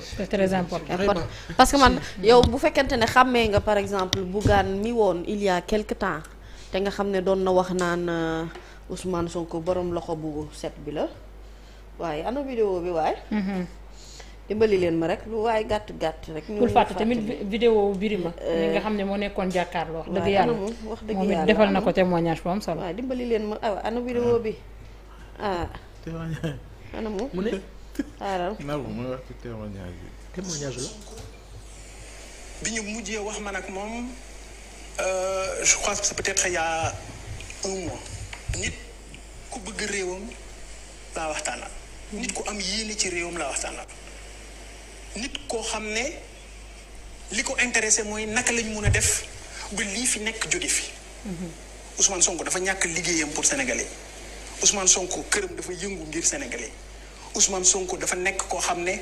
c'est très important parce que man yow bu fekkente ne xàmmee nga par exemple Bougane mi woon il y a quelque temps te nga xam ne doon na wax naan euh, Ousmane Sonko borom loxo bu set bi la waaye ana vidéo bi waaye. Mhm. dimbali leen ma rek lu waaye gàtt gàtt rek. ñu bul fàtte tamit vidéo Birima. Euh, nga xam ne moo nekkoon jàkkaarloo. wax dëgg yàlla wax dëgg yàlla moom it defal na ko témoignage bu am solo. waaw dimbali leen ma ah, ana vidéo bi ah. ana mu. xaaral Nabou mooy wax ci témoignage bi. témoignage la. bi ñu mujjee wax man ak moom euh, je crois que c'est peut-être il a un nit ku bëgg réewam laa waxtaanal. nit ku am yéene ci réewam laa waxtaanal. nit koo xam ne li ko intéressé mooy naka lañu mën a def ba lii fi nekk jóge fi. Mm-hmm. Ousmane Sonko dafa ñàkk liggéeyam pour sénégalais Ousmane Sonko këram dafa yëngu ngir sénégalais. Ousmane Sonko dafa nekk koo xam ne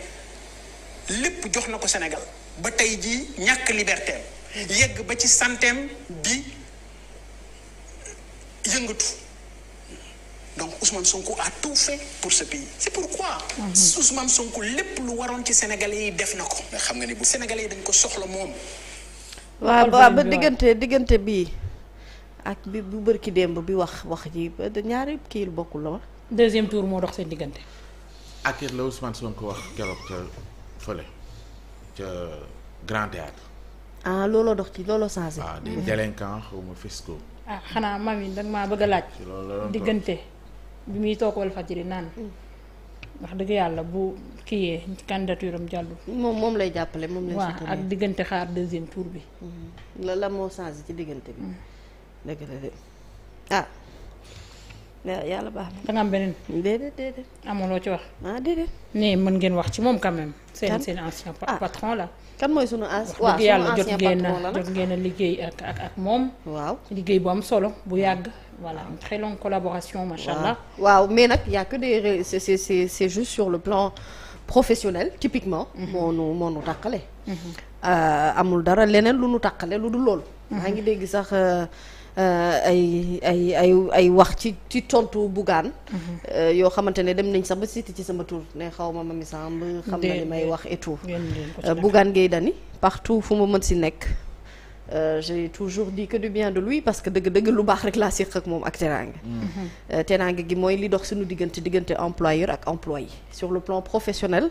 lépp jox na ko senegal ba tey jii ñàkk liberté yegg ba ci santeem di yëngatu donc Ousmane Sonko a tout fait pour ce pays. c'est pourquoi. Mhm. Ousmane Sonko lépp lu waroon ci sénégalais yi def na ko. nga xam nga ni bu sénégalais yi dañ ko soxla moom. waaw ba diggante diggante bii ak bi bu bërki démb bi wax wax ji ñaari kii bokkul la wa. deuxième tour moo dox seen diggante. akir la Ousmane Sonko wax keroog ca fële ca Grand Théâtre ah looloo dox ci looloo changé. waaw ah, di délinquant xaw ma fisco. ah xanaa yi dag maa bëgg a laaj. diggante bi muy toog wal fajiri naan. Mm. wax dëgg yàlla bu kiiyee candidature am moom moom lay jàppale moom lay. waaw ak diggante xaar deuxième tour bi. Mm-hmm. la la moo changé ci diggante bi. Mm. dëgg la de ah. Eh, yàlla baax na. da nga am beneen. déedéet déedéet. amuloo ci wax. ah déedéet. mais mën ngeen wax ci moom quand même. seen seen ancien ah. patron la. kan mooy sunu ancien waaw sunu ancien patron la nag yàlla jot ngeen a jot ngeen a liggéey ak ak ak moom. waaw liggéey bu am solo bu yàgg. voilà une très longue collaboration macha allah. waaw mais nag y a que des c'est c'est c'est juste sur le plan professionnel typiquement. Mhm. moo nu moo nu tàqale. Mhm. Euh, amul dara leneen lu nu tàqale lu dul loolu. Mhm. maa ngi dégg sax. Euh, Euh, ay ay ay ay wax ci ci tontu Bougane mhm. euh, yoo xamante ne dem nañ sax ba siiti ci sama tur ne xaw ma Mamy Samb xam na li may wax et tout euh, Bougane Gueye Dany partout fu ma mën si nekk Euh, j'ai toujours di que du bien de lui parce que dëgg-dëgg lu baax rek laa séq ak moom ak teraanga mm. mhm. teraanga gi mooy li dox suñu diggante diggante employeur ak employé sur le plan professionnel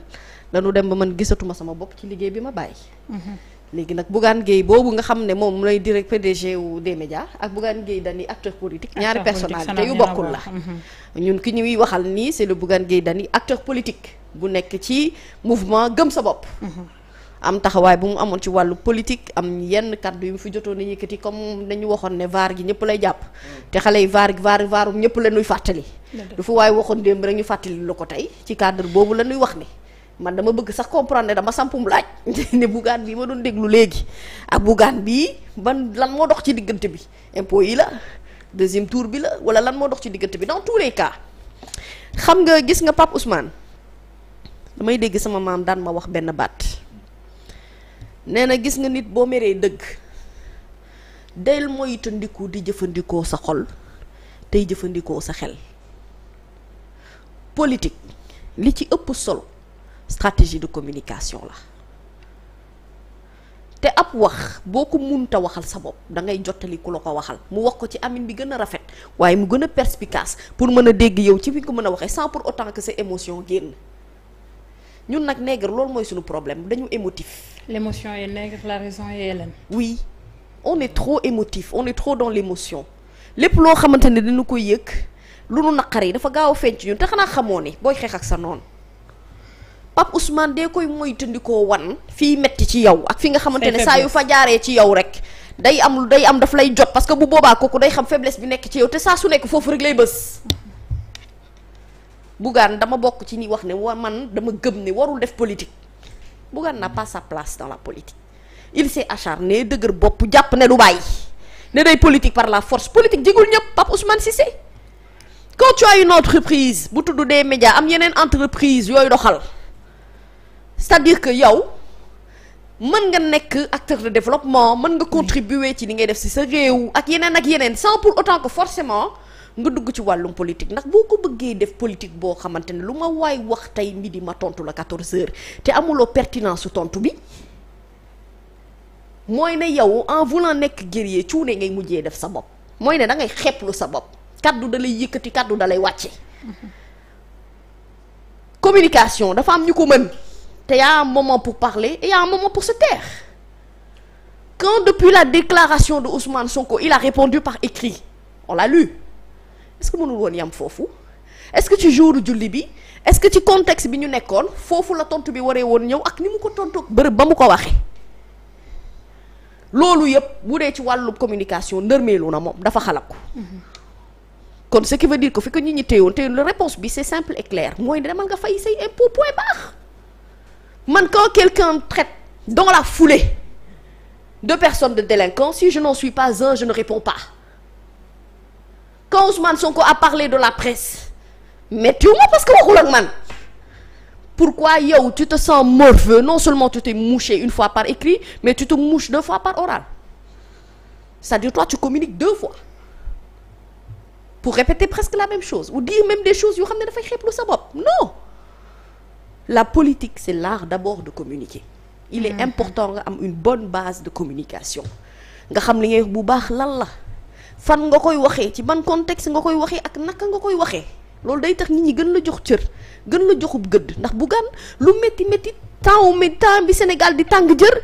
dañu dem ba man gisatuma sama bopp ci liggéey bi ma bàyyi mhm. léegi nag Bougane Gueye boobu nga xam ne moom lay direct PDG wu des médias ak Bougane Gueye Dany acteur politique ñaari personnalité yu bokkul la mm-hmm. ñun ki ñuy waxal nii c'est le Bougane Gueye Dany acteur politique bu nekk ci mouvement gëm sa bopp mm-hmm. am taxawaay bu mu amoon ci wàllu politique am yenn kàddu yu mu fi jotoon na yëkkati comme nañu waxoon ne var gi ñëpp lay jàpp mm. te xale yi vaar vaar vaarum ñëpp la ñuy fàttali du fa waaye waxoon démb rek ñu fàttali lu ko tey ci cadre boobu la ñuy wax ni man dama bëgg sax comprendre ne dama sampum laaj bu Bougane bii ma doon déglu léegi ak bu Bougane bii ban lan moo dox ci diggante bi impôt yi la deuxième tour bi la wala lan moo dox ci diggante bi dans tous les xam nga gis nga Pape Ousmane damay dégg sama maam daan ma wax benn baat nee na gis nga nit boo meree dëgg del moytandiku di jëfandikoo sa xol tey jëfandikoo sa xel politik li ci ëpp sol stratégie de communication la te ab wax boo ko munta waxal sa bopp da ngay jottali ku la ko waxal mu wax ko ci amin bi gën a rafet waaye mu gën a perspicace pour mën a dégg yow ci fi nga ko mën a waxee sans pour autant que sa émotion génn ñun nag nègre loolu mooy suñu problème dañu émotif. l'émotion est nègre la raison est hélène. oui on est trop émotif on est trop dans l'émotion lépp loo xamante ne dañu koy yëg lu nu naqar yi dafa gaaw a feeñ ci ñun te xanaa xamoo ni booy xeex ak sa noonu. Pape Ousmane de koy moytandikoo wan fii metti ci yow ak fi nga xamante ne saa yu fa jaaree ci yow rek day am day am daf lay jot parce que bu boobaa kooku day xam faiblesse bi nekk ci yow te saa su nekk foofu rek lay bës Bougane dama bokk ci ñi wax ne wa man dama gëm ne warul def politique Bougane n'a pas sa place dans la politique il s'est acharné dëgër bopp jàpp ne du bàyyi ne day politique par la force politique jigul ñëpp Pape Ousmane Cissé quand tu as une entreprise bu tudd des médias am yeneen entreprise yooyu doxal cest à que yow mën nga nekk acteur de développement mën nga contribuer ci li ngay def si sa réew ak yeneen ak yeneen sans pour autant que forcément nga dugg ci wàllum politique ndax boo ko bëggee def politique boo xamante ne lu ma waay wax tey midi ma tontu la 14 te amuloo pertinence su tontu bi mooy ne yow en voulant nekk guerrier cuune ngay mujjee def sa bopp mooy ne da ngay xeeblu sa bopp kaddu da lay yëkkati kaddu dalay wàcce mm-hmm. communication dafa am ñu ko mën. il y a un moment pour parler et moment pour se taire quand depuis la déclaration de Ousmane Sonko il a répondu par écrit on l'a lu est-ce que mënul woon yam foofu est-ce que ci jour julli bi est-ce que ci contexte bi ñu nekkoon foofu la tontu bi waree woon ñëw ak ni mu ko tontoog bërëb ba mu ko waxee loolu yëpp bu dee ci wàllu communication ndërmeelu na moom dafa xalak ko mhm. kon ce qui veut dire que fi ko nit ñi téyewoon téyewoon la réponse bi c'est simple et claire mooy demal nga fay man quand quelqu'un traite dans la foulée de personnes de délinquants si je n'en suis pas un je ne réponds pas quand Ousmane Sonko a parlé de la presse mettiwuma parce que waxul ak man pourquoi yow tu te sens morveux non seulement tu t'es mouché une fois par écrit mais tu te mouches deux fois par oral c'est-à-dire toi tu communiques deux fois pour répéter presque la même chose ou dire même des choses yoo xam ne dafay xeeblu sa bopp non la politique c'est l'art d'abord de communiquer il est mhm. important nga am une bonne base de communication nga xam li ngay bu baax lan la fan nga koy waxee ci ban contexte nga koy waxee ak naka nga koy waxee loolu day tax nit ñi gën la jox cër gën la joxub gëdd ndax Bougane lu métti métti temps mi temps bi Sénégal di tàng jër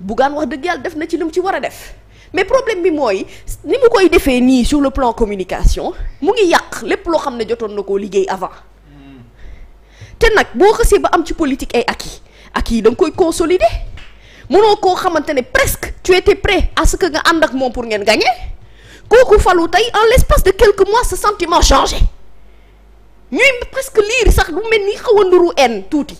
Bougane wax dëgg yàlla def na ci lu mu ci war a def mais problème bi mooy ni mu koy defee nii sur le plan communication mu ngi yàq lépp loo xam ne jotoon na koo liggéey avant te nag boo xasee ba am ci politik ay ak acquis acquis da nga koy consolider mënoo koo xamante ne presque tu étais prêt à que nga ànd ak moom pour ngeen gagner kooku falu tey en l'espace de quelque mois ce sentiment changé ñuy presque lire sax lu mel ni xaw a nduru en tuuti.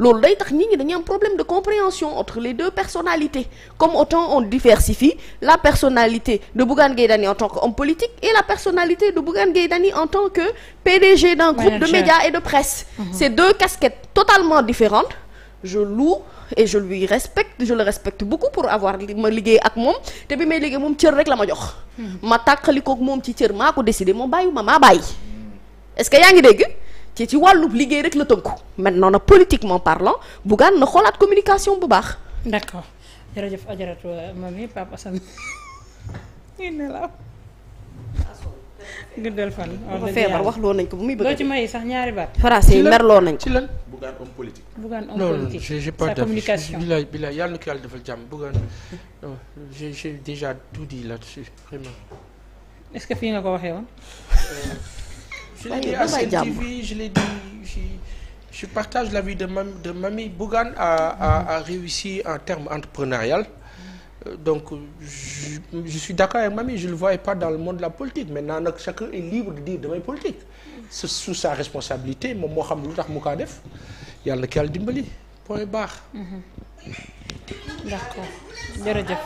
loolu day tax nit ngi dañuy am problème de compréhension entre les deux personnalités comme autant on diversifie la personnalité de Bougane Gueye Dany en tant qu'homme politique et la personnalité de Bougane Gueye Dany en tant que PDG d'un groupe de médias et de presse mhm. c'est deux casquettes totalement différentes je loue et je lui respecte je le respecte beaucoup pour avoir ma liggéey ak moom te bi may liggéey moom cër rek la ma jox mhm. ma tàqalikoog moom ci cër maa ko décidé moom bàyyi ma maa bàyyi est ngi dégg ci ci wàllub liggéey rek la tënku maintenant nag politiquement parlant Bougane na xoolaat communication bu baax. d' accord jërëjëf ajaratu euh, mami Pape Assane. guddal fan. wax feebar wax loo nañ ko bu muy bëgg doo ci may sax ñaari baat. français yi merloo nañ ko ci lan Bougane homme politique. Bougane homme politique non j'ai yàlla na ko yàlla defal jàmm Bougane non j'ai déjà tout dit là-dessus vraiment. est-ce que fii nga ko waxee woon. je l'ai dit à Sen TV je l'ai dit je, je partage l'avis de Mami de Mami Bougane a a a réussi entrepreneurial euh, donc je, suis d'accord avec Mami je le voyais pas dans le monde de la politique maintenant nag chacun est libre de dire damay politique c'est sous sa responsabilité moom moo xam lu tax mu kaa def yàlla ki yàlla dimbali point baax mm-hmm. d'accord jërëjëf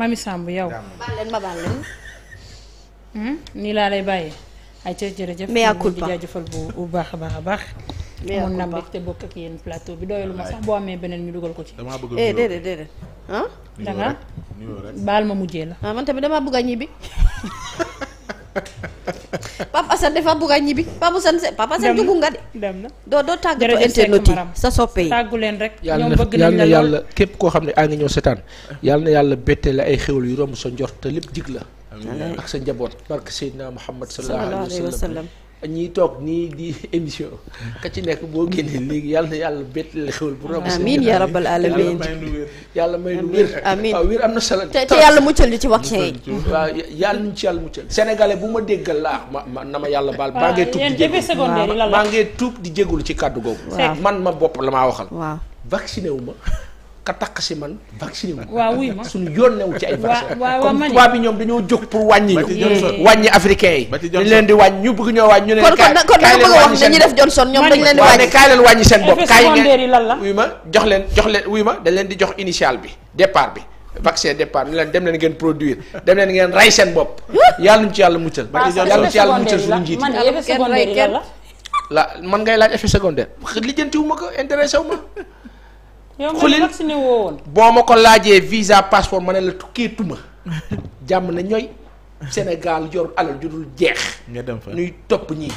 Mami Samb yow. baal hmm? laa lay bàyyee. ay ca jërëjëf mea culpa di jaajëfal bu baax a baax a baax mun na mbégte bokk ak yéen plateau bi doyalu ma sax boo amee beneen ñu dugal ko ci eh, déedéet déedéet ah danga baal ma mujjee la ah man tamit damaa bëgg a ñibbi Pape Assane dafa bëgg a ñibbi Pape Assane Pape Assane dugg nga de dem na doo doo tàggatoo internet yi sa soppe yi tàggu leen rek ñoom bëgg nañ la yàlla képp koo xam ne a ngi ñëw setaan yàlla na yàlla bette la ay xéwal yu romb sa njort te lépp jig la ak sa njaboot barke Seydina Muhammad sallallahu alayhi wa sallam ñiy toog nii di émission ka ci nekk boo génnee léegi yàlla na yàlla bett la xewal bu rab amiin yaa rabbal alamin yàlla may lu wér amiin waaw wér am na solo te te yàlla muccal ñu ci vaccin yi waaw yàlla ñu ci yàlla muccal sénégalais bu ma déggal laax ma ma na ma yàlla baal maa ngee tuub di jégul maa ngee tuub di jégul ci kàddu googu man ma bopp la maa waxal waaw vacciné wu ma ka takk si man vacciné wu. waaw wuy ma suñu yoon newu ci ay. vaccin comme tubaab bi ñoom dañoo jóg pour wàññi ñu. wàññi africain yi. dañu leen di wàññi ñu bëgg ñoo wàññi ñu ne. kon kon kon dama bëgg wax dañuy def Johnson ñoom dañu leen di wàññi. kaay leen wàññi seen bopp kaay ngeen wuy ma jox leen jox leen wuy ma dañ leen di jox initial bi départ bi. vaccin départ ñu leen dem leen ngeen produire dem leen ngeen rey seen bopp. yàlla ñu ci yàlla muccal. yàlla ci yàlla muccal suñu njiit la man ngay laaj effet secondaire lijjantiwu ma ko intéressé wu ma xulil boo ma ko laajee visa passeport ma ne la tukkeetuma jàmm na ñooy Sénégal yor alal ju jeex. nga dem fa ñuy topp ñii.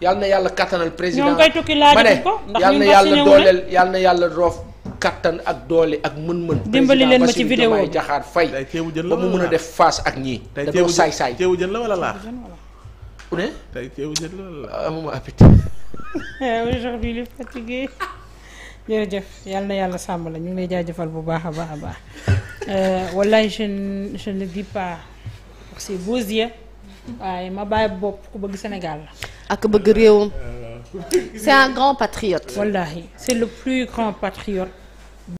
yal na yàlla kattanal président ñoom kay tukki laajatuñ ko ndax yal na yàlla dooleel yal yàlla roof kattan ak doole ak mën-mën. dimbali leen ma ci vidéo président Bassirou fay Diakhar Faye ba mu mën a def fas ak ñii. tey teewu saay saay teewu jën la jën la wala laax. amuma appétit. jërëjëf yal na yàlla sàmm la ñu ngi lay jëfal bu baax a baax a baax euh, wallaay je ne je ne dis pas c'est beaux yeux waaye ma bàyyi bopp ku bëgg Sénégal la. ak bëgg réewam. Euh, c'est un grand patriote. wallaahi c'est le plus grand patriote.